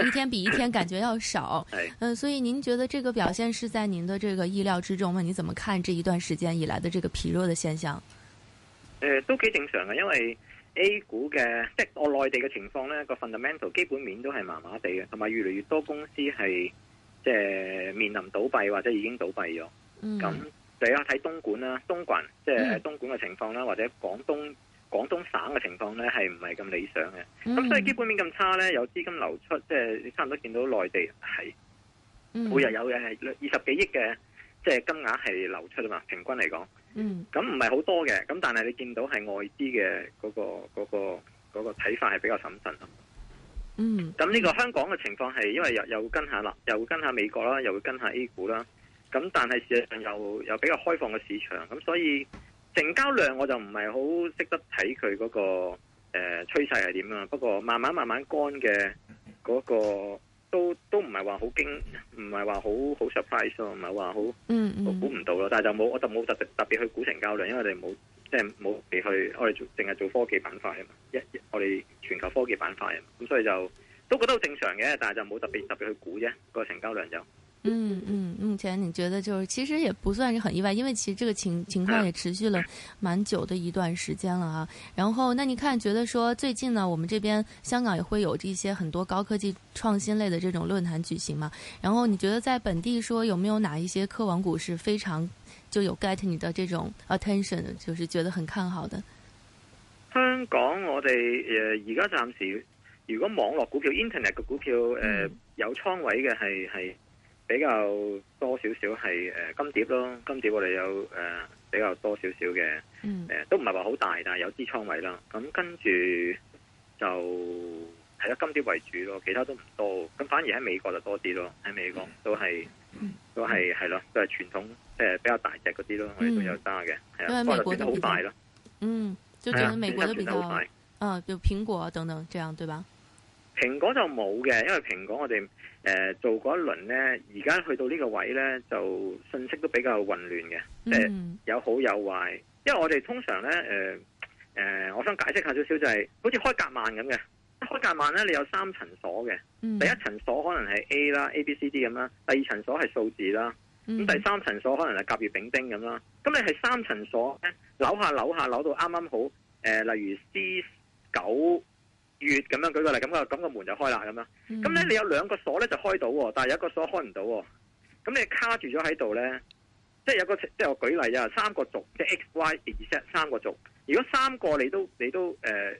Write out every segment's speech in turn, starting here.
一天比一天感覺要少，嗯、呃，所以您覺得這個表現是在您的這個意料之中嗎？你怎麼看這一段時間以來的這個疲弱的現象？呃、都幾正常嘅，因為 A 股嘅即、就是、我內地嘅情況呢，個 fundamental 基本面都係麻麻地嘅，同埋越嚟越多公司係即係面臨倒閉或者已經倒閉咗。咁、嗯，第一睇東莞啦，東莞即係、就是、東莞嘅情況啦、嗯，或者廣東。廣東省嘅情況咧係唔係咁理想嘅？咁、嗯、所以基本面咁差咧，有資金流出，即、就、係、是、你差唔多見到內地係、嗯、每日有嘅係二十幾億嘅，即、就、係、是、金額係流出啊嘛。平均嚟講，咁唔係好多嘅。咁但係你見到係外資嘅嗰個嗰個睇法係比較謹慎啊。嗯。咁呢、那個那個那個那個嗯、個香港嘅情況係因為又又跟下啦，又跟下美國啦，又會跟下 A 股啦。咁但係事實上又又比較開放嘅市場，咁所以。成交量我就唔係好識得睇佢嗰個誒、呃、趨勢係點啊，不過慢慢慢慢乾嘅嗰個都都唔係話好驚，唔係話好好 surprise 咯，唔係話好我估唔到咯。Mm -hmm. 但係就冇我就冇特別特別去估成交量，因為我哋冇即係冇嚟去，我哋做淨係做科技板塊啊嘛，一我哋全球科技板塊啊嘛，咁所以就都覺得好正常嘅，但係就冇特別特別去估啫、個成交量就。嗯嗯，目前你覺得就是，其實也不算是很意外，因為其實這個情情況也持續了蠻久的一段時間了啊。然後，那你看，覺得說最近呢，我們這邊香港也會有一些很多高科技創新類的這種論壇舉行嘛？然後，你覺得在本地說有沒有哪一些科網股是非常就有 get 你的這種 attention，就是覺得很看好的？香港我、呃，我哋誒，而家暫時，如果網絡股票 internet 嘅股票誒、呃嗯、有倉位嘅係係。比較多少少係誒金碟咯，金碟我哋有誒、呃、比較多少少嘅，誒、嗯呃、都唔係話好大，但係有支倉位啦。咁、嗯、跟住就係得金碟為主咯，其他都唔多。咁反而喺美國就多啲咯，喺美國都係都係係咯，都係傳、嗯、統即係比較大隻嗰啲咯，我哋都有揸嘅，係、嗯、啊，翻得升得好快咯。嗯，就中美國都、啊、比較，啊，就蘋果等等，這樣對吧？蘋果就冇嘅，因為蘋果我哋。誒、呃，做過一輪呢，而家去到呢個位呢，就信息都比較混亂嘅，誒、mm -hmm. 呃，有好有壞。因為我哋通常呢，誒、呃，誒、呃，我想解釋下少少、就是，就係好似開夾萬咁嘅，開夾萬呢，你有三層鎖嘅，第一層鎖可能係 A 啦，A B C D 咁啦，第二層鎖係數字啦，咁、mm -hmm. 第三層鎖可能係甲乙丙丁咁啦。咁你係三層鎖，呢扭下扭下，扭到啱啱好，誒、呃，例如 C 九。月咁樣，舉個例，咁個咁個門就開啦咁樣，咁、嗯、咧你有兩個鎖咧就開到、哦，但係有一個鎖開唔到、哦，咁你卡住咗喺度咧，即、就、係、是、有個即係、就是、我舉例啊，三個軸，即係 X、Y、E、Z 三個軸。如果三個你都你都誒、呃、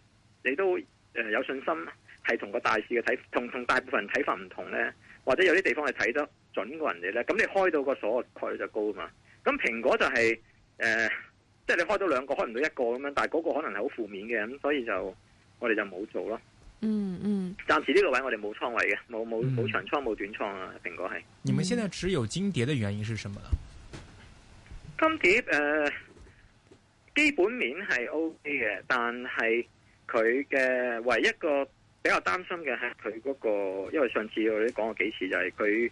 你都誒、呃呃、有信心係同個大市嘅睇同同大部分人睇法唔同咧，或者有啲地方係睇得準過人哋咧，咁你開到個鎖概率就高嘛。咁蘋果就係、是、誒，即、呃、係、就是、你開到兩個開唔到一個咁樣，但係嗰個可能係好負面嘅，咁所以就。我哋就冇做咯。嗯嗯，暫時呢個位我哋冇倉位嘅，冇冇冇長倉冇短倉啊。蘋果係。你們現在持有金蝶嘅原因是什麼呢？嗯、金蝶誒、呃，基本面係 OK 嘅，但係佢嘅唯一,一個比較擔心嘅係佢嗰個，因為上次我哋都講過幾次，就係佢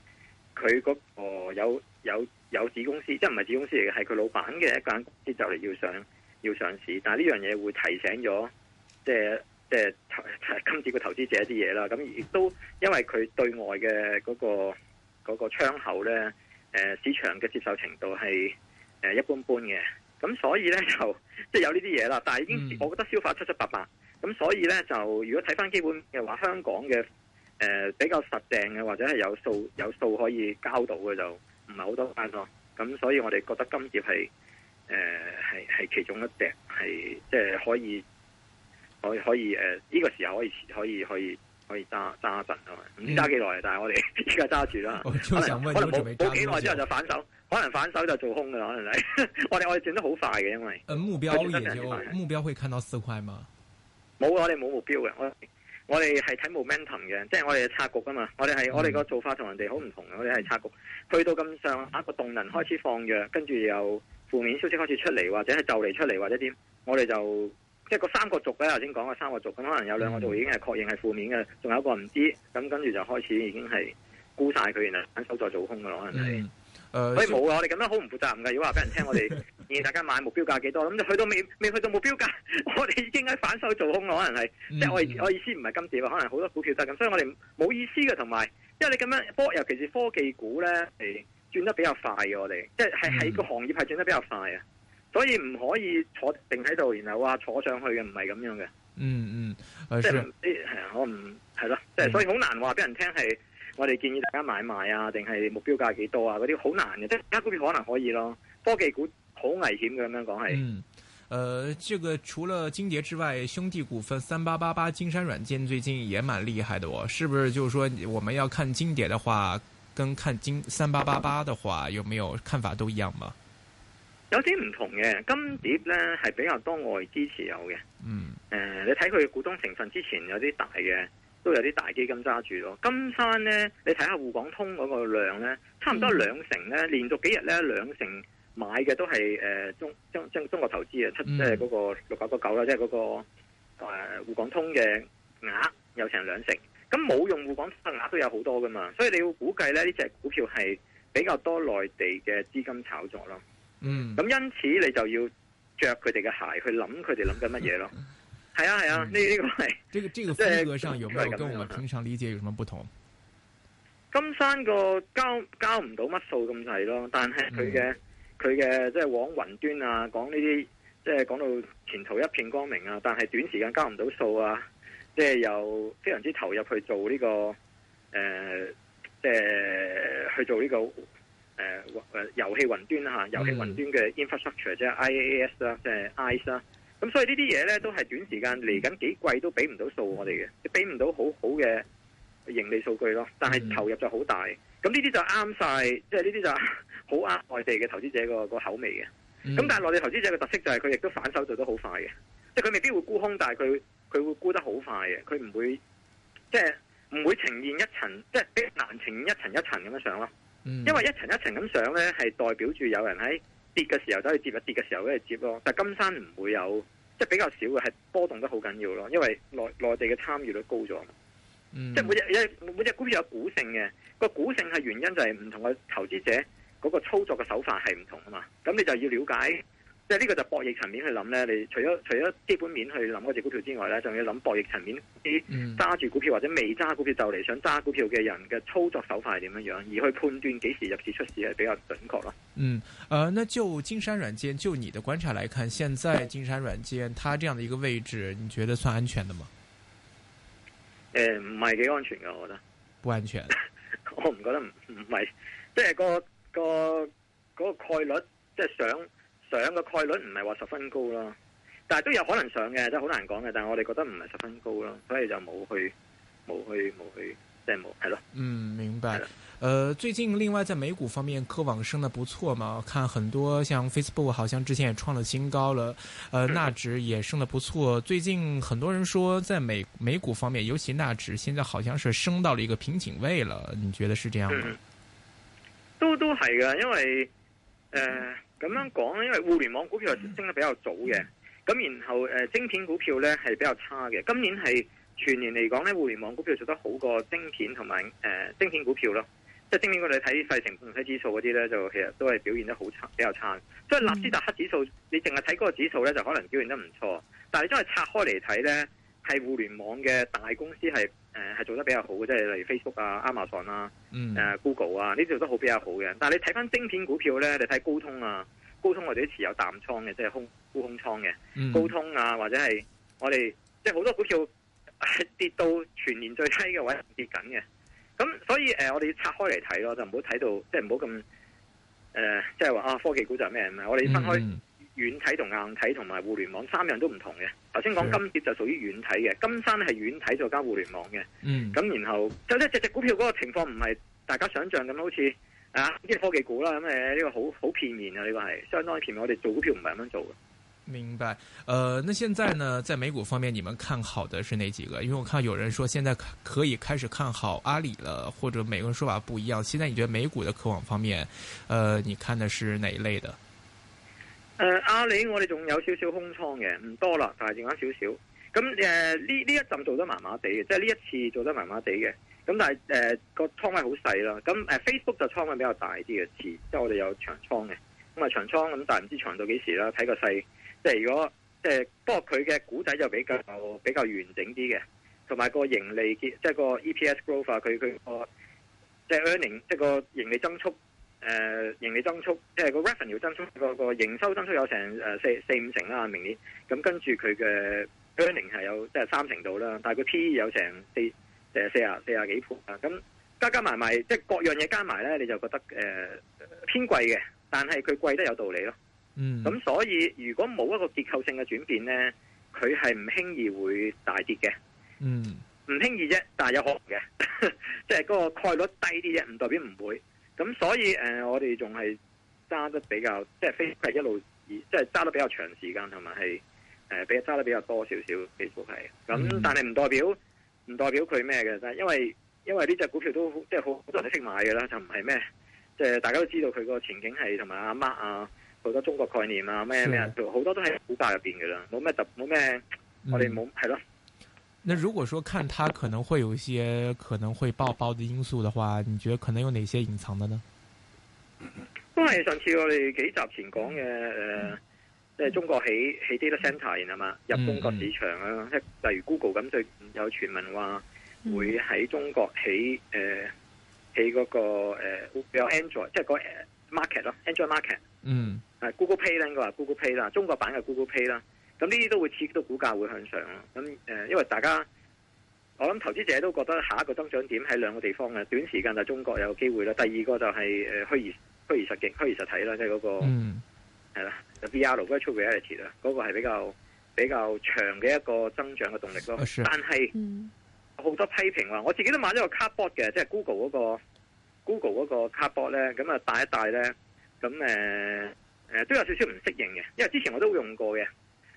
佢嗰個有有有子公司，即係唔係子公司嚟嘅，係佢老闆嘅一間公司就嚟要上要上市，但係呢樣嘢會提醒咗，即係。即係今朝嘅投資者啲嘢啦，咁亦都因為佢對外嘅嗰個窗口咧，誒市場嘅接受程度係誒一般般嘅，咁所以咧就即係有呢啲嘢啦。但係已經，我覺得消化了七七八八。咁所以咧就，如果睇翻基本嘅話，香港嘅誒比較實淨嘅，或者係有數有數可以交到嘅就唔係好多單咯。咁所以我哋覺得今朝係誒係係其中一隻係即係可以。可以可以誒？呢、呃這個時候可以可以可以可以揸揸一陣啊！唔知揸幾耐，但係我哋依家揸住啦。可能可能冇冇幾耐之後就反手、嗯，可能反手就做空嘅可能係。 我哋我哋轉得好快嘅，因為誒、嗯、目標也就目標會看到四塊嘛？冇啊！我哋冇目標嘅，我我哋係睇 momentum 嘅，即、就、係、是、我哋係策局啊嘛！我哋係、嗯、我哋個做法人同人哋好唔同嘅，我哋係策局。去到咁上下、啊、個動能開始放弱，跟住又負面消息開始出嚟，或者係就嚟出嚟，或者點？我哋就。即係個三個族咧，頭先講嘅三個族，咁可能有兩個族已經係確認係負面嘅，仲、嗯、有一個唔知，咁跟住就開始已經係沽晒佢，原來反手再做空咯，可能係。誒、嗯呃，所以冇啊！我哋咁樣好唔負責任㗎。如果話俾人聽，我哋建議大家買目標價幾多，咁 就去到未未去到目標價，我哋已經喺反手做空咯，可能係。即係我我意思唔係今朝可能好多股票都係咁，所以我哋冇意思嘅，同埋，因為你咁樣科，尤其是科技股咧，係轉得比較快嘅，嗯、我哋即係喺個行業係轉得比較快啊。所以唔可以坐定喺度，然後話坐上去嘅，唔係咁樣嘅。嗯嗯，即係係啊，我唔係咯，即係所以好難話俾人聽係，我哋建議大家買賣啊，定係目標價幾多啊，嗰啲好難嘅。即係其他股票可能可以咯，科技股好危險嘅咁樣講係。嗯，誒、呃，這個除了金蝶之外，兄弟股份三八八八、金山軟件最近也蠻厲害的哦。是不是就是說我們要看金蝶的話，跟看金三八八八的話，有沒有看法都一樣嗎？有啲唔同嘅，金蝶咧係比較多外資持有嘅。嗯。誒、呃，你睇佢股東成分之前有啲大嘅，都有啲大基金揸住咯。金山咧，你睇下滬港通嗰個量咧，差唔多兩成咧、嗯，連續幾日咧兩成買嘅都係誒、呃、中中中中國投資啊、嗯，即係嗰、那個六九九九啦，即係嗰個誒滬港通嘅額有成兩成。咁冇用滬港通額都有好多噶嘛，所以你要估計咧，呢隻股票係比較多內地嘅資金炒作咯。嗯，咁因此你就要着佢哋嘅鞋去諗佢哋諗緊乜嘢咯。係啊係啊，呢呢、啊嗯這個係即係個風格上有咩同我哋平常理解有咩不同？金山個交交唔到乜數咁滯咯，但係佢嘅佢嘅即係往雲端啊，講呢啲即係講到前途一片光明啊，但係短時間交唔到數啊，即係又非常之投入去做呢、這個誒、呃，即係去做呢、這個。誒、呃，誒、呃，遊戲雲端啦吓，遊戲雲端嘅 infrastructure、mm -hmm. 即係 IaaS 啦，即係 IaaS 啦。咁所以這些東西呢啲嘢咧，都係短時間嚟緊幾季都俾唔到數我哋嘅，俾唔到好好嘅盈利數據咯。但係投入就好大，咁呢啲就啱晒，即係呢啲就好啱內地嘅投資者個個口味嘅。咁、mm -hmm. 但係內地投資者嘅特色就係佢亦都反手做得好快嘅，即係佢未必會沽空，但係佢佢會沽得好快嘅，佢唔會即係唔會呈現一層，即、就、係、是、難呈現一層一層咁樣上咯。因為一層一層咁上咧，係代表住有人喺跌嘅時候走去接，一跌嘅時候咧去接咯。但係金山唔會有，即係比較少嘅係波動得好緊要咯。因為內內地嘅參與率高咗，嗯，即係每隻每隻股票有股性嘅個股性係原因就係唔同嘅投資者嗰個操作嘅手法係唔同啊嘛。咁你就要了解。即係呢個就博弈層面去諗咧，你除咗除咗基本面去諗嗰隻股票之外咧，仲要諗博弈層面，你揸住股票，嗯、或者未揸股票就嚟，想揸股票嘅人嘅操作手法係點樣樣，而去判斷幾時入市出市係比較準確咯。嗯，誒、呃，那就金山軟件，就你的觀察嚟看，現在金山軟件，它這樣的一個位置，你覺得算安全的嗎？誒、呃，唔係幾安全噶，我覺得不安全。 我唔覺得唔係，即係、個個、嗰個概率，即係想。上嘅概率唔係話十分高咯，但係都有可能上嘅，都好難講嘅。但係我哋覺得唔係十分高咯，所以就冇去冇去冇去即係冇。係咯。嗯，明白。誒、呃，最近另外在美股方面，科網升得不錯嘛，看很多像 Facebook，好像之前也創了新高了。呃，納、嗯、指也升得不錯。最近很多人說，在美美股方面，尤其納指，現在好像是升到了一個瓶頸位了。你覺得是這樣嗎？嗯、都都係嘅，因為誒。嗯呃咁樣講咧，因為互聯網股票係升得比較早嘅，咁、mm -hmm. 然後誒、呃、晶片股票咧係比較差嘅。今年係全年嚟講咧，互聯網股票做得好過晶片同埋誒晶片股票咯。即係晶片嗰度睇費城半導體指數嗰啲咧，就其實都係表現得好差，比較差。Mm -hmm. 所以納斯達克指數，你淨係睇嗰個指數咧，就可能表現得唔錯，但係你將佢拆開嚟睇咧，係互聯網嘅大公司係。誒、呃，係做得比較好嘅，即係例如 Facebook 啊、亞馬遜啊、誒、嗯呃、Google 啊，呢啲做得好比較好嘅。但係你睇翻晶片股票咧，你睇高通啊，高通我哋都持有淡倉嘅，即係空沽空倉嘅，嗯。高通啊，或者係我哋即係好多股票跌到全年最低嘅位置跌緊嘅。咁所以誒、呃，我哋要拆開嚟睇咯，就唔好睇到，即係唔好咁誒，即係話啊科技股就係咩唔係，我哋要分開。嗯軟體同硬體同埋互聯網，三樣都唔同嘅。頭先講金蝶就屬於軟體嘅，金山係軟體再加互聯網嘅。嗯。咁然後，就呢隻隻股票嗰個情況唔係大家想象咁好似，啊，啲科技股啦，咁誒，呢個好好片面啊，呢、呢個係，相當片面。我哋做股票唔係咁樣做嘅。明白。誒、呃，那現在呢，在美股方面，你們看好的是哪幾個？因為我看有人說現在可以開始看好阿里了，或者每個人說法不一樣。現在你覺得美股的渴望方面，誒、呃，你看的是哪一類的？誒、啊，阿里我哋仲有少少空倉嘅，唔多啦，但係剩翻少少。咁誒、呢、呃、呢一陣做得麻麻地嘅，即係呢一次做得麻麻地嘅。咁但係誒個倉位好細啦。咁誒，Facebook 就倉位比較大啲嘅，次即係我哋有長倉嘅。咁啊長倉，咁但係唔知長到幾時啦。睇個細，即係如果即係、呃，不過佢嘅故仔就比較比較完整啲嘅，同埋個盈利結，即、就、係、是、個 EPS growth 佢佢個即係 earning，即個盈利增速。誒、呃，盈利增速即係個 revenue 要增速，那個個營收增速有成誒四四五成啦。明年咁，跟住佢嘅 earning 係有即係三成度啦。但係佢 PE 有成四誒四啊四啊幾倍。啊。咁加加埋埋，即係各樣嘢加埋咧，你就覺得誒、呃、偏貴嘅。但係佢貴得有道理咯。嗯。咁所以如果冇一個結構性嘅轉變咧，佢係唔輕易會大跌嘅。嗯。唔輕易啫，但係有可能嘅，即係嗰個概率低啲啫，唔代表唔會。咁所以誒、呃，我哋仲係揸得比較，即係，飛，係一路而即係揸得比較長時間同埋係誒比較揸得比較多少少，其實係，咁，mm -hmm. 但係唔代表唔代表佢咩嘅，但係因為因為呢隻股票都很即係好多人識買嘅啦，就唔係咩即係大家都知道佢個前景係同埋阿 Mark 啊好多中國概念啊咩咩啊，好、mm -hmm. 多都喺股價入邊嘅啦，冇咩特冇咩，我哋冇係咯。Mm -hmm. 對了。那如果說看它可能會有一些可能會爆爆的因素的話，你覺得可能有哪些隱藏的呢？都係上次我哋幾集前講嘅，誒、呃，即、嗯、係中國起起 data center 嘛，入中國市場啊，即、嗯、係例如 Google 咁，最有傳聞話會喺中國起誒，喺、呃、嗰、那個誒比較 Android，即係、那個 market 咯，Android market，嗯，係 Google Pay 啦，應該係 Google Pay 啦，中國版嘅 Google Pay 啦。咁呢啲都會刺激到股價會向上咯。咁誒、呃，因為大家我諗投資者都覺得下一個增長點喺兩個地方嘅，短時間就中國有機會啦。第二個就係誒虛擬虛擬實境、虛擬實體啦，即係嗰個係啦 VR, Virtual Reality 啦，嗰個係比較比較長嘅一個增長嘅動力咯。Oh, sure. 但係好多批評話，mm. 我自己都買咗個 Cardboard 嘅，即、就、係、是、Google 嗰、那個 Google 嗰個 Cardboard 咧，咁啊戴一戴咧，咁誒誒都有少少唔適應嘅，因為之前我都用過嘅。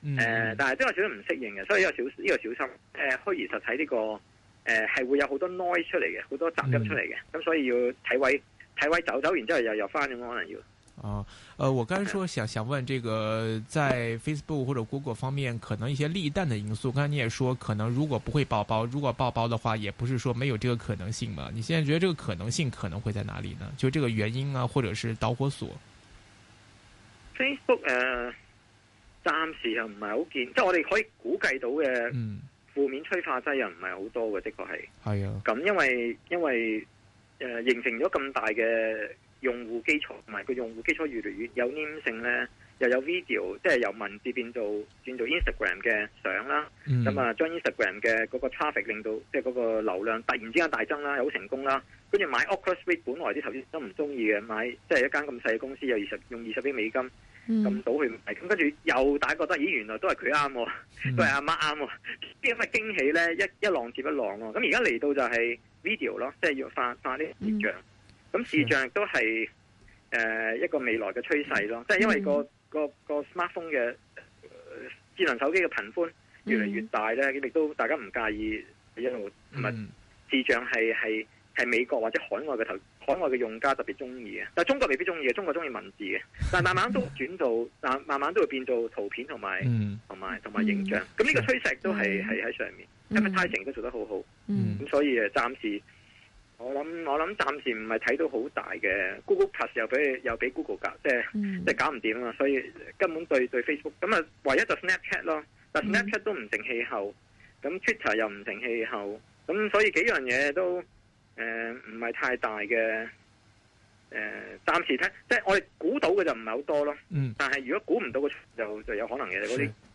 嗯呃、但係都有少少唔適應嘅，所以有小呢個小心誒、這個呃。虛擬實體呢、這個誒係、呃、會有好多 noise 出嚟嘅，好多雜音出嚟嘅，咁、嗯嗯、所以要睇位睇位走走完之後又又翻咁可能要。哦、啊呃，我剛才說想想問這個在 Facebook 或者 Google 方面可能一些利淡的因素。剛才你也說可能如果不會爆包，如果爆包的話，也不是說沒有這個可能性嘛。你現在覺得這個可能性可能會在哪裡呢？就這個原因啊，或者是導火索？Facebook、呃暫時又唔係好見，即係我哋可以估計到嘅負面催化劑又唔係好多嘅、嗯，的確係。係、哎、啊，咁因為因為誒、呃、形成咗咁大嘅用戶基礎，同埋個用戶基礎越嚟越有黏性咧，又有 video，即係由文字變做轉做 Instagram 嘅相啦。咁、嗯、啊，將 Instagram 嘅嗰個 traffic 令到即係嗰個流量突然之間大增啦，又好成功啦。跟住買 Oculus，本來啲投資都唔中意嘅，買即係一間咁細嘅公司，有二十用二十億美金。咁、嗯、倒去，咁跟住又大家覺得，咦、哎，原來都係佢啱，都係阿媽啱，啲咁嘅驚喜咧，一一浪接一浪咯。咁而家嚟到就係 video 咯，即係要發發啲視像。咁視像亦都係誒、嗯呃、一個未來嘅趨勢咯，即係因為個、嗯、個個，個 smartphone 嘅智能手機嘅頻寬越嚟越大咧，亦、嗯、都大家唔介意一路同埋視像係係係美國或者海外嘅投。海外嘅用家特別中意嘅，但係中國未必中意嘅。中國中意文字嘅，但係慢慢都轉到，但慢慢都會變做圖片同埋同埋同埋影像。咁、嗯、呢、嗯、個趨勢都係係喺上面，因為 title 都做得好好。咁、嗯、所以誒，暫時我諗我諗暫時唔係睇到好大嘅 Google Plus 又俾又俾 Google 搞，即係即係搞唔掂啊！所以根本對對 Facebook 咁啊，唯一就是 Snapchat 咯。但 Snapchat 都唔成氣候，咁 Twitter 又唔成氣候，咁所以幾樣嘢都。誒、呃，唔係太大嘅，誒、呃，暫時睇，即係我哋估到嘅就唔係好多咯。嗯，但係如果估唔到嘅就就有可能嘅啲。嗰啲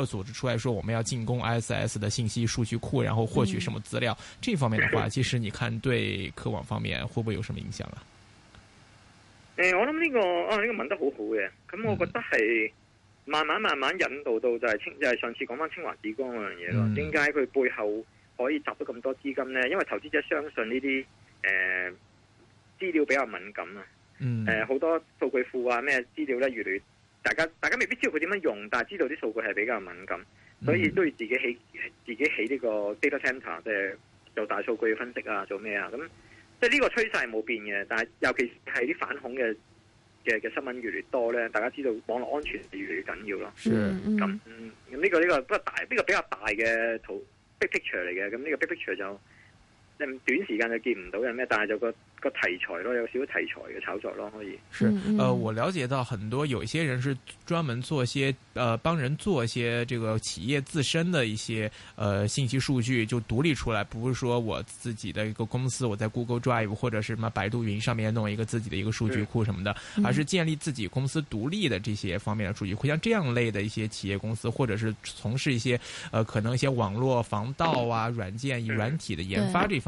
個組織出來說我們要進攻 ISS 的信息數據庫，然後獲取什麼資料，嗯？這方面的話，其實你看對科網方面會不會有什麼影響啊？誒、呃，我諗呢、這個啊呢、這個問得好好嘅，咁我覺得係慢慢慢慢引導到就係清就係、是、上次講翻清華紫光嗰樣嘢咯。點解佢背後可以集到咁多資金呢？因為投資者相信呢啲誒資料比較敏感啊，誒、嗯、好、呃、多數據庫啊咩資料咧越嚟大家大家未必知道佢點樣用，但係知道啲數據係比較敏感，所以都要自己起自己起呢個 data center，即係做大數據分析啊，做咩啊？咁即係呢個趨勢係冇變嘅，但係尤其係啲反恐嘅嘅嘅新聞越嚟越多咧，大家知道網絡安全係越嚟越緊要咯。嗯嗯。咁咁呢個呢個不過大呢個比較大嘅圖 big picture 嚟嘅，咁呢個 big picture 就。短時間就見唔到嘅咩，但係就個，個題材咯，有少少題材嘅炒作咯，可以。是，呃，我了解到很多有一些人是專門做些，呃，幫人做些這個企業自身的一些，呃，信息數據就獨立出來，不是說我自己的一個公司，我在 Google Drive 或者是什麼百度雲上面弄一個自己的一個數據庫什麼的，嗯、而是建立自己公司獨立的這些方面的數據庫，嗯。像這樣類的一些企業公司，或者是從事一些，呃，可能一些網絡防盜啊軟件軟體的研發這方面。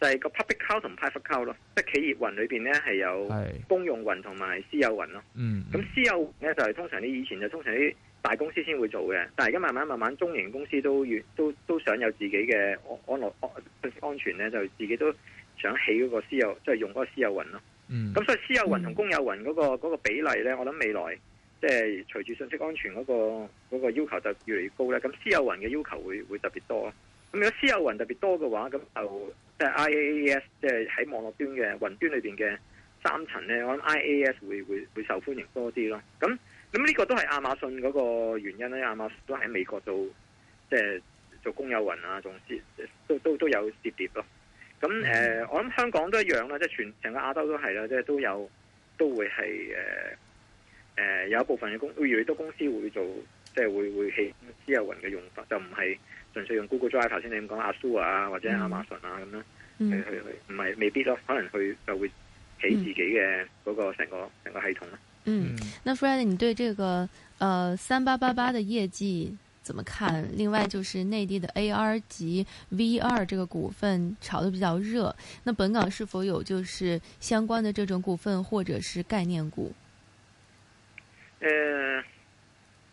就係、是、個 public cloud 同 private cloud 咯，即係企業雲裏邊咧係有公用雲同埋私有雲咯。咁私有咧就係、是、通常你以前就通常啲大公司先會做嘅，但係而家慢慢慢慢中型公司都越都都想有自己嘅安安安全咧，就自己都想起嗰個私有即係用嗰個私有雲咯。咁、嗯、所以私有雲同公有雲嗰個嗰個比例咧，我諗未來即係、就是、隨住信息安全嗰、那個那個要求就越嚟越高咧，咁私有雲嘅要求會會特別多。咁如果私有雲特別多嘅話，咁就即係 IaaS，即係喺網絡端嘅雲端裏邊嘅三層咧，我諗 IaaS 會會會受歡迎多啲咯。咁咁呢個都係亞馬遜嗰個原因咧，亞馬遜都喺美國做，即係做公有雲啊，仲涉，都都都有涉獵咯。咁誒、呃，我諗香港都一樣啦，即係全成個亞洲都係啦，即係都有都會係誒誒有一部分嘅公，例如都公司會做，即係會會起私有雲嘅用法，就唔係。純粹用 Google Drive 頭先你咁講 Azure 啊或者亞馬遜啊咁樣，去去去唔係未必咯，可能佢就會起自己嘅嗰個成個成、嗯、個系統咯。嗯，那 Fred 你對這個呃三八八八嘅業績怎麼看？另外就是內地的 AR 及 VR 這個股份炒得比較熱，那本港是否有就是相關的這種股份或者是概念股？誒、呃。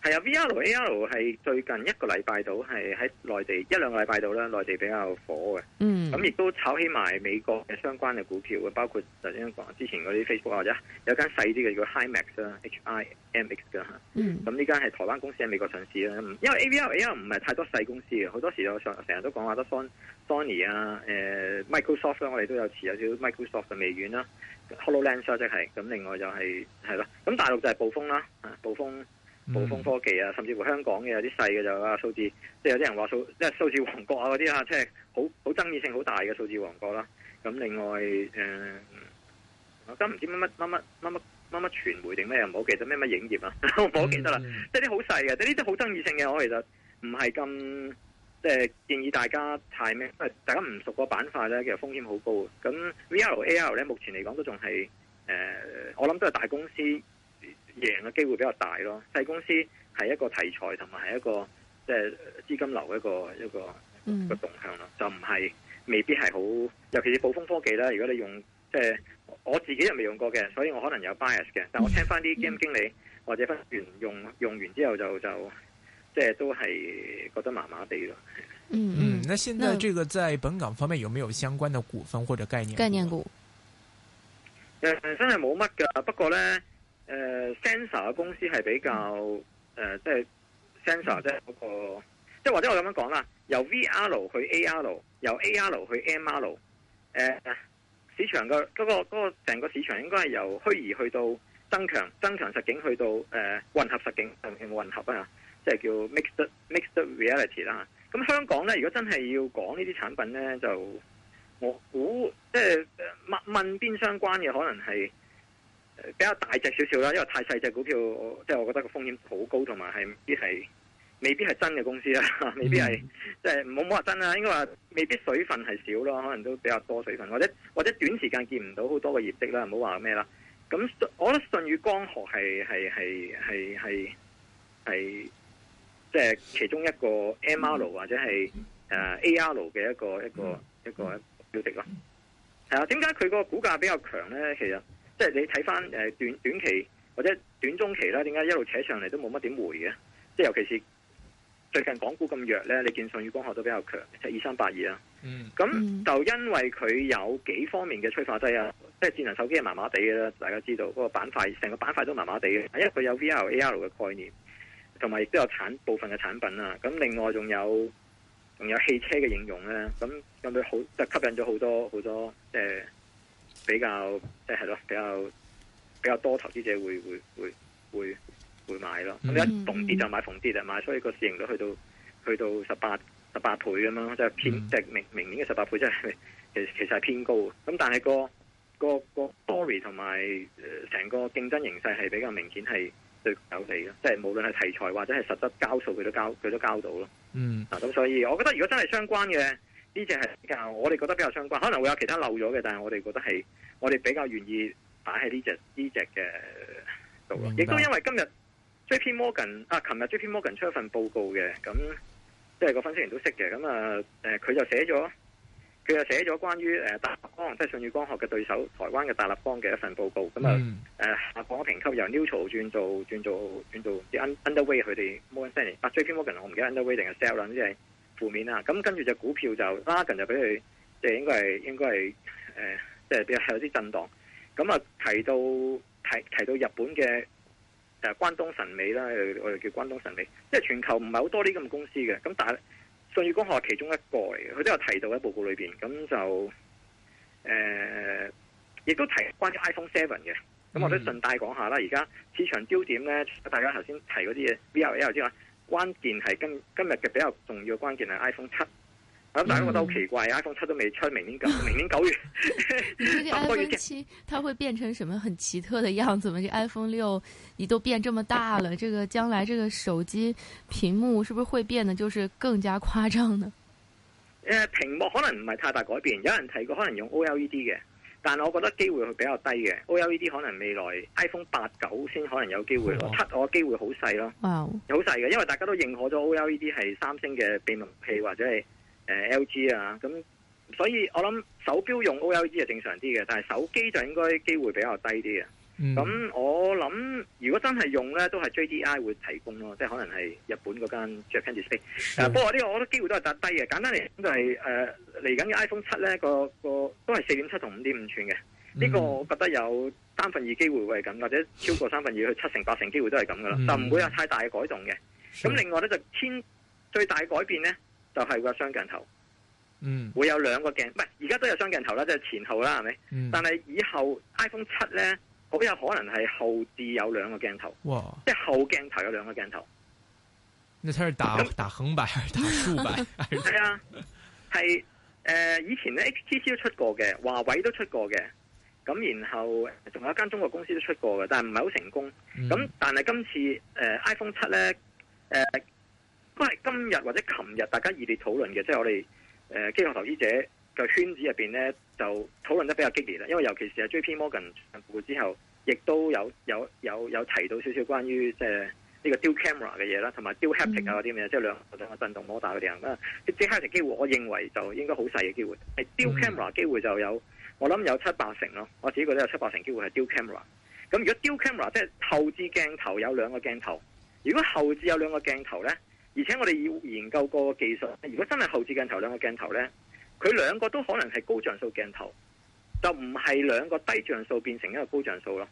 係啊，V R A R 係最近一個禮拜到係喺內地一兩個禮拜到啦，內地比較火嘅。嗯，咁亦都炒起埋美國嘅相關嘅股票嘅，包括頭先都講，之前嗰啲 Facebook 或者有間細啲嘅叫 Himax 啦，H I M X 噶嚇。咁呢間係台灣公司喺美國上市啦，因為 A R V R 唔係太多細公司嘅，好多時我成日都講話得 Sony 啊，誒 Microsoft 啦，我哋都有持有少少 Microsoft 嘅微軟啦 HoloLens 啊，即係咁。另外就係係咯，咁大陸就係暴風啦，暴風。暴風科技啊，甚至乎香港嘅有啲細嘅就啊，數字即係有啲人話數即係數字王國啊嗰啲啊，即係好好爭議性好大嘅數字王國啦。咁另外誒、呃，我都唔知乜乜乜乜乜乜乜傳媒定咩，唔好記得咩乜影業啊，唔 好記得啦、嗯嗯嗯。即係啲好細嘅，即係啲好爭議性嘅，我其實唔係咁即係建議大家太咩，大家唔熟個板塊咧，其實風險好高。咁 VR、AR 咧，目前嚟講都仲係誒，我諗都係大公司。贏嘅機會比較大咯，細公司係一個題材，同埋係一個即係資金流一個一個一個動向咯、嗯，就唔係未必係好。尤其是暴風科技啦，如果你用即係我自己又未用過嘅，所以我可能有 bias 嘅。但我聽翻啲基金經理、嗯、或者分員用用完之後就就即係都係覺得麻麻地咯。嗯，那現在這個在本港方面有沒有相關的股份或者概念？概念股？誒，真係冇乜噶，不過呢。誒、uh, Sensor 嘅公司係比較誒，即、嗯、係、呃就是、Sensor 即係嗰個，即、就、係、是、或者我咁樣講啦，由 VR 去 AR，由 AR 去 MR，誒、呃、市場嘅嗰、那個、那個成個市場應該係由虛擬去到增強，增強實境去到誒、呃、混合實境，誒混合啊，即、就、係、是、叫 mixed mixed reality 啦。咁香港咧，如果真係要講呢啲產品咧，就我估即係問問邊相關嘅可能係。比較大隻少少啦，因為太細隻股票，即係我覺得個風險好高，同埋係啲係未必係真嘅公司啦，未必係即係唔好話真啦、mm -hmm. 即係，應該話未必水分係少咯，可能都比較多水分，或者或者短時間見唔到好多個業績啦，唔好話咩啦。咁，我覺得舜宇光學係係係係係係即係其中一個 MR 或者係誒 A R 嘅一個、mm -hmm. 一個一個，一個標的咯。係啊，點解佢個股價比較強咧？其實。即係你睇翻誒短短期或者短中期啦，點解一路扯上嚟都冇乜點回嘅？即係尤其是最近港股咁弱咧，你見舜宇光學都比較強，即係二三八二啊。嗯，咁就因為佢有幾方面嘅催化劑啊，即係智能手機係麻麻地嘅啦，大家知道嗰，那個板塊，成個板塊都麻麻地嘅。因為佢有 VR AR 嘅概念，同埋亦都有產部分嘅產品啊。咁另外仲有仲有汽車嘅應用咧，咁有冇好就吸引咗好多好多即誒？呃比較即係咯，比較比較多投資者會會會會會買咯。咁一逢跌就買逢跌就買，所以個市盈率去到去到十八十八倍咁樣，即、就、係、是、偏即係、mm -hmm. 明明年嘅十八倍，即係其實其實係偏高。咁但係、那個、那個、那個 story 同埋成個競、那個、爭形勢係、呃、比較明顯係對有利嘅，即、就、係、是、無論係題材或者係實質交數，佢都交佢都，都交到咯。嗯、mm -hmm. 啊，咁所以我覺得如果真係相關嘅。呢隻係比較，我哋覺得比較相關，可能會有其他漏咗嘅，但係我哋覺得係我哋比較願意擺喺呢隻呢隻嘅度咯。亦都因為今日 JP Morgan 啊，琴日 JP Morgan 出一份報告嘅，咁即係個分析員都識嘅，咁啊誒，佢、呃、就寫咗，佢就寫咗關於誒、呃、大立光，即係舜宇光學嘅對手，台灣嘅大立光嘅一份報告。咁啊誒下降評級由 Neutral 轉做轉做轉做啲 underweight 佢哋 Morgan 啊 JP Morgan 我唔記得 underweight 定係 sell run 即係。負面啦，咁跟住隻股票就拉近就，就俾佢即係應該係應該係誒，即係比較有啲震盪。咁啊，提到提提到日本嘅誒、呃、關東神尾啦，我哋叫關東神尾，即、就、係、是、全球唔係好多呢啲咁嘅公司嘅。咁但係信譽工學係其中一個嚟嘅，佢都有提到喺報告裏邊。咁就誒，亦、呃、都提關於 iPhone Seven 嘅。咁我都順帶講下啦。而、嗯、家市場焦點咧，大家頭先提嗰啲嘢，V L L 之外。關鍵係今今日嘅比較重要嘅關鍵係 iPhone 七，咁大家覺得好奇怪，yeah.，iPhone 七都未出，明年九 明年九月 你這，iPhone 七它會變成什麼很奇特的樣子嗎？這個，iPhone 六你都變這麼大了，這個將來這個手機屏幕是不是會變得就是更加誇張呢？誒，屏幕可能唔係太大改變，有人提過可能用 OLED 嘅。但我覺得機會會比較低嘅，O L E D 可能未來 iPhone 八九先可能有機會咯，七、哦哦、我機會好細咯，好細嘅，因為大家都認可咗 O L E D 係三星嘅秘密器或者係 L G 啊，咁、呃、所以我諗手錶用 O L E D 係正常啲嘅，但係手機就應該機會比較低啲嘅。咁、嗯、我諗，如果真係用咧，都係 JDI 會提供咯，即係可能係日本嗰間 Japan Display。不過呢個我覺得機會都係打低嘅。簡單嚟講就係、是、誒，嚟、呃、緊嘅 iPhone 七咧，個個都係四點七同五點五寸嘅。呢、嗯，這個我覺得有三分二機會係咁，或者超過三分二去七成八成機會都係咁噶啦，就唔會有太大嘅改動嘅。咁另外咧就千最大改變咧就係個雙鏡頭，嗯，會有兩個鏡，唔係而家都有雙鏡頭啦，即、就、係、是、前後啦，係咪、嗯？但係以後 iPhone 七咧。好有可能係後置有兩個鏡頭，哇，即係後鏡頭有兩個鏡頭。你它是打打橫擺還係打豎擺？係 啊，係誒、呃，以前咧 HTC 都出過嘅，華為都出過嘅，咁然後仲有一間中國公司都出過嘅，但係唔係好成功。咁、嗯、但係今次誒、呃、iPhone 七咧，誒、呃、都係今日或者琴日大家熱烈討論嘅，即、就、係、是、我哋誒機構投資者嘅圈子入邊咧。就討論得比較激烈啦，因為尤其是係 J.P.Morgan 之後，亦都有有有有提到少少關於即係呢個 Dual Camera 嘅嘢啦，同埋 Dual Haptic 啊嗰啲嘢，即、mm. 係兩個兩個震動摩打嗰啲啊。Dual Haptic 機會，我認為就應該好細嘅機會，係、mm. Dual Camera 機會就有，我諗有七八成咯。我自己覺得有七八成機會係 Dual Camera。咁如果 Dual Camera 即係後置鏡頭有兩個鏡頭，如果後置有兩個鏡頭咧，而且我哋要研究個技術，如果真係後置鏡頭兩個鏡頭咧。佢兩個都可能係高像素鏡頭，就唔係兩個低像素變成一個高像素咯。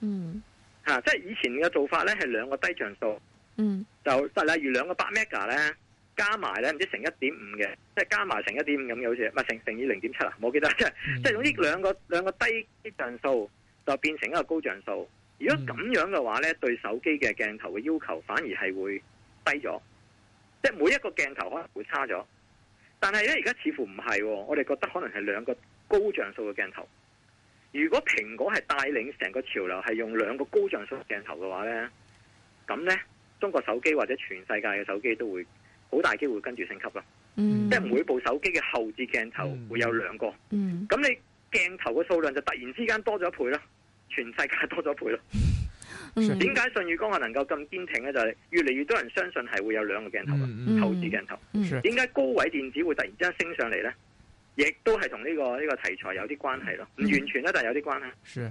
嗯，吓、啊，即係以前嘅做法咧，係兩個低像素，嗯，就例如兩個八 mega 咧，加埋咧，唔知乘一點五嘅，即係加埋乘一點五咁嘅好似，係乘乘以零點七啊，冇記得即係、嗯，即係總之兩個兩個低像素就變成一個高像素。如果咁樣嘅話咧、嗯，對手機嘅鏡頭嘅要求反而係會低咗，即係每一個鏡頭可能會差咗。但係咧，而家似乎唔係、哦，我哋覺得可能係兩個高像素嘅鏡頭。如果蘋果係帶領成個潮流，係用兩個高像素鏡頭嘅話呢，咁呢中國手機或者全世界嘅手機都會好大機會跟住升級咯，嗯。即係每部手機嘅後置鏡頭會有兩個。咁，嗯、你鏡頭嘅數量就突然之間多咗一倍咯，全世界多咗一倍咯。點解信譽光係能夠咁堅挺咧？就係、是、越嚟越多人相信係會有兩個鏡頭，啊、嗯，投資鏡頭。點解高位電子會突然之間升上嚟咧？亦都係同呢個呢個題材有啲關係咯。唔完全啦，但係有啲關係。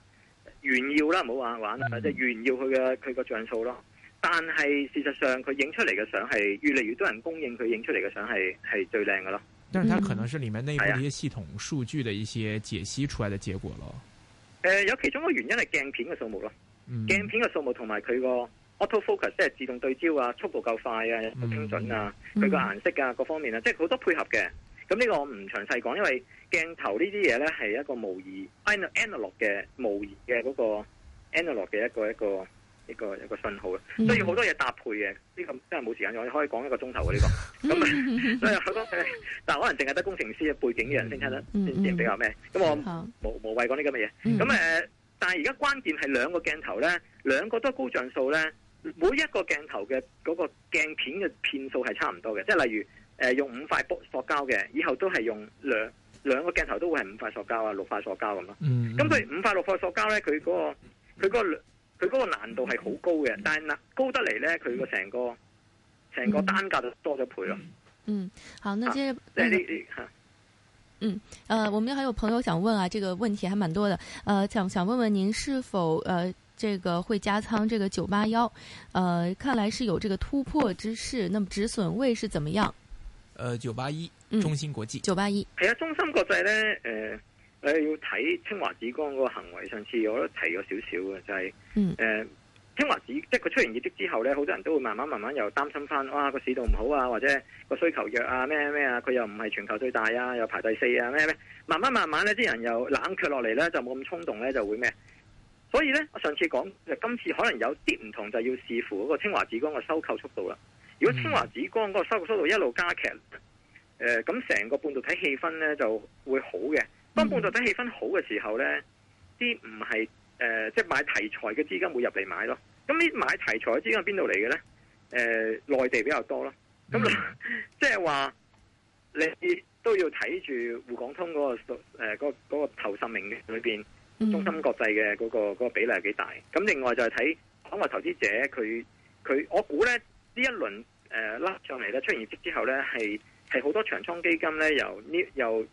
炫耀啦，唔好玩啊，即係、就是、炫耀佢嘅佢個像素咯。但係事實上，佢影出嚟嘅相係越嚟越多人公認佢影出嚟嘅相係係最靚嘅咯。但是，它可能是裏面內部啲系統數據嘅一些解析出來的結果咯。誒、嗯啊呃，有其中一個原因係鏡片嘅數目咯、嗯，鏡片嘅數目同埋佢個 auto focus 即係自動對焦啊，速度夠快啊，精準啊，佢個顏色啊、嗯，各方面啊，即係好多配合嘅。咁、這、呢個我唔詳細講，因為。鏡頭這些呢啲嘢咧係一個模擬 analog 嘅模擬嘅嗰、那個 analog 嘅一個一個一個一個信號啊，需要好多嘢搭配嘅，呢、這、咁、個、真係冇時間，我可以講一個鐘頭嘅呢個，咁、 嗯、 但係可能淨係得工程師嘅背景嘅人先聽得先至比較咩，咁我無無謂講呢啲咁嘅嘢。咁、mm、誒 -hmm. 呃，但係而家關鍵係兩個鏡頭咧，兩個都係高像素咧，每一個鏡頭嘅嗰個鏡片嘅片數係差唔多嘅，即係例如誒、呃、用五塊玻塑膠嘅，以後都係用兩。兩個鏡頭都會係五塊塑膠啊，六塊塑膠咁咯。咁、嗯、所以五塊六塊塑膠咧，佢、嗰個佢、嗰個佢嗰個難度係好高嘅。但係嗱，高得嚟咧，佢個成個成個單價就多咗倍咯。嗯，好，那接係即呢呢吓。嗯，誒、呃，我們還有朋友想問啊，這個問題還蠻多的。誒、呃，想想問問您是否誒、呃，這個會加倉這個九八幺？誒，看來是有這個突破之勢，那麼止損位是怎麼樣？呃，九八一。中芯國際九八一係啊！中芯國際咧，誒、呃、誒、呃，要睇清華紫光嗰個行為。上次我都提咗少少嘅，就係、是、誒、嗯呃、清華紫，即係佢出完業績之後咧，好多人都會慢慢慢慢又擔心翻，哇個市道唔好啊，或者個需求弱啊，咩咩啊，佢又唔係全球最大啊，又排第四啊，咩咩，慢慢慢慢咧，啲人又冷卻落嚟咧，就冇咁衝動咧，就會咩？所以咧，我上次講今次可能有啲唔同，就要視乎嗰個清華紫光嘅收購速度啦。如果清華紫光嗰個收購速度一路加強。嗯誒、呃，咁成個半導體氣氛咧就會好嘅。當半導體氣氛好嘅時候咧，啲唔係誒，即係、呃就是、買題材嘅資金會入嚟買咯。咁呢買題材嘅資金邊度嚟嘅咧？誒、呃，內地比較多咯。咁即係話，你都要睇住滬港通嗰個誒，嗰、呃那個那個頭十名裏邊、嗯，中心國際嘅嗰個、那個比例係幾大。咁另外就係睇海外投資者，佢佢我估咧呢這一輪誒上嚟咧，出完之後咧係。是係好多長倉基金咧，由 new 又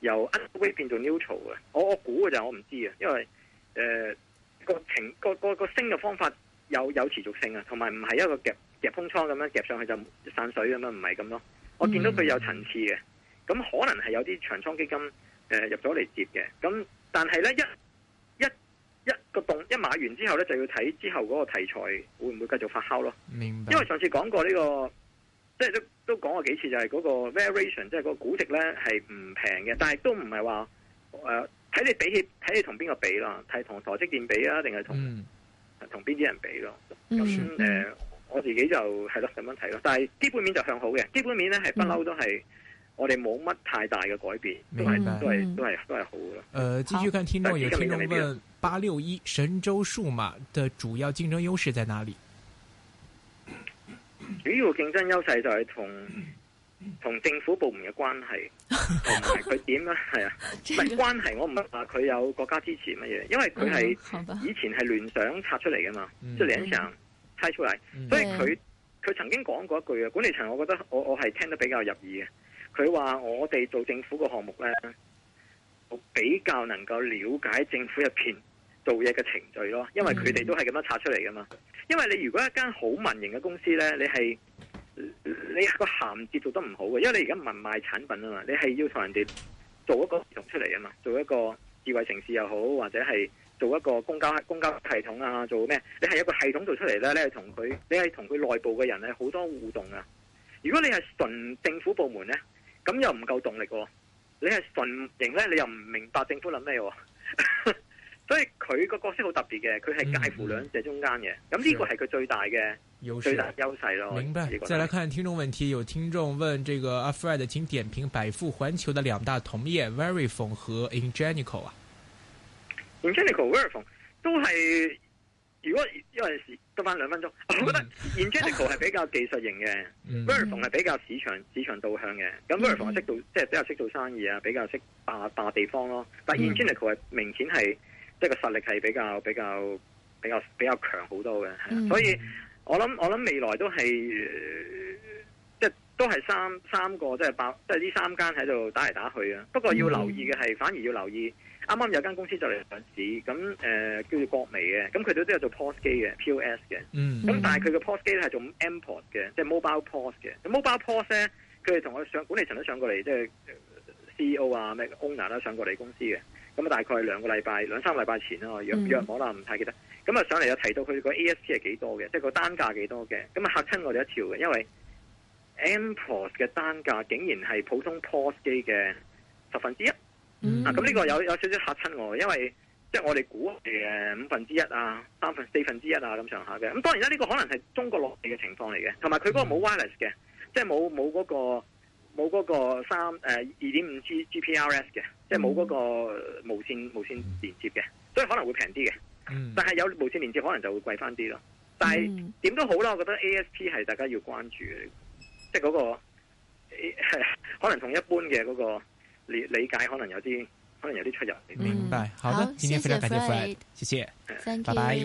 由 at 變做 neutral 嘅。我我估嘅就係我唔知啊，因為誒、呃、個情個個,個升嘅方法有有持續性啊，同埋唔係一個夾夾空倉咁樣夾上去就散水咁樣，唔係咁咯。我見到佢有層次嘅，咁、嗯、可能係有啲長倉基金誒、呃、入咗嚟接嘅。咁但係咧一一一,一個洞一買完之後咧，就要睇之後嗰個題材會唔會繼續發酵咯。明白。因為上次講過呢、這個。即係都都講過幾次，就係、是、嗰個 variation，即係個估值咧係唔平嘅，但係都唔係話誒，睇、呃、你比起睇你同邊個比啦，睇同台積電比啊，定係同同邊啲人比咯。咁、嗯、誒、嗯呃，我自己就係咯，咁樣睇咯。但係基本面就向好嘅，基本面咧係不嬲都係我哋冇乜太大嘅改變，嗯、都係、嗯、都係都係都係好嘅。誒，繼、啊、續看聽眾有聽眾問：八六一神州數碼的主要競爭優勢在哪裏？主要競爭優勢就係同同政府部門嘅關係，同埋佢點啊？係啊，唔係關係，我唔係話佢有國家支持乜嘢，因為佢係以前係聯想拆出嚟㗎嘛，即係聯想拆出嚟、嗯，所以佢佢、嗯、曾經講過一句啊，管理層，我覺得我我係聽得比較入耳嘅，佢話我哋做政府個項目咧，我比較能夠了解政府入邊，做嘢嘅程序咯，因為佢哋都係咁樣拆出嚟噶嘛。因為你如果一間好民營嘅公司呢，你係你個銜接做得唔好嘅，因為你而家賣產品啊嘛，你係要同人哋做一個系統出嚟啊嘛，做一個智慧城市又好，或者係做一個公交公交系統啊，做咩？你係一個系統做出嚟呢，你係同佢，你係同佢內部嘅人咧好多互動啊。如果你係純政府部門呢，咁又唔夠動力喎、啊。你係純型呢，你又唔明白政府諗咩喎。 所以佢個角色好特別嘅，佢係介乎兩者中間嘅。咁、嗯、呢、這個係佢最大嘅、啊、最大優勢咯。明白。再嚟看聽眾問題，有聽眾問：，這個阿 Fred 請點評百富環球的兩大同業、嗯、VeriFone 和 Ingenico 啊。Ingenico、VeriFone 都係，如果因為得返兩分鐘，我覺得、嗯、Ingenico 係 比較技術型嘅，VeriFone 係比較市場市場導向嘅。咁 VeriFone 識做即係比較識做生意啊，比較識霸霸地方咯。但 Ingenico、嗯、明顯係。即係個實力係比較比較比較比較強好多嘅，嗯，所以我諗我諗未來都係，呃、即係都係三三個即係包即係呢三間喺度打嚟打去啊。不過要留意嘅係，嗯、反而要留意，啱啱有間公司就嚟上市，咁誒、呃、叫做國美嘅，咁佢都都有做 pos 機，嗯嗯、機嘅 pos 嘅，咁但係佢嘅 pos 機咧係做 mpos 嘅，即係 mobile pos 嘅。mobile pos 咧佢哋同我上管理層都上過嚟，即、就、係、是、ceo 啊咩 owner 都上過嚟公司嘅。咁啊，大概兩個禮拜、兩三禮拜前咯，約約摸啦，唔太記得。咁啊，上嚟又提到佢個 A S P 係幾多嘅，即係個單價幾多嘅。咁啊，嚇親我哋一條嘅，因為 M P O S 嘅單價竟然係普通 P O S 機嘅十分之一。Mm -hmm. 啊，咁呢個有有少少嚇親我，因為即係我哋估係五分之一啊、三分四分之一啊咁上下嘅。咁當然啦，呢個可能係中國落地嘅情況嚟嘅，同埋佢嗰個冇 Wireless 嘅，即係冇冇嗰個。冇嗰個三誒二點五 G GPRS 嘅，即係冇嗰個無線、嗯、無線連接嘅，所以可能會平啲嘅。但係有無線連接可能就會貴翻啲咯。但係點、嗯、都好啦，我覺得 ASP 係大家要關注嘅，即係嗰、嗰個 A 可能同一般嘅嗰個理理解可能有啲，可能有啲出入。明白，好啦，今日非常感謝，謝，謝，謝，拜拜。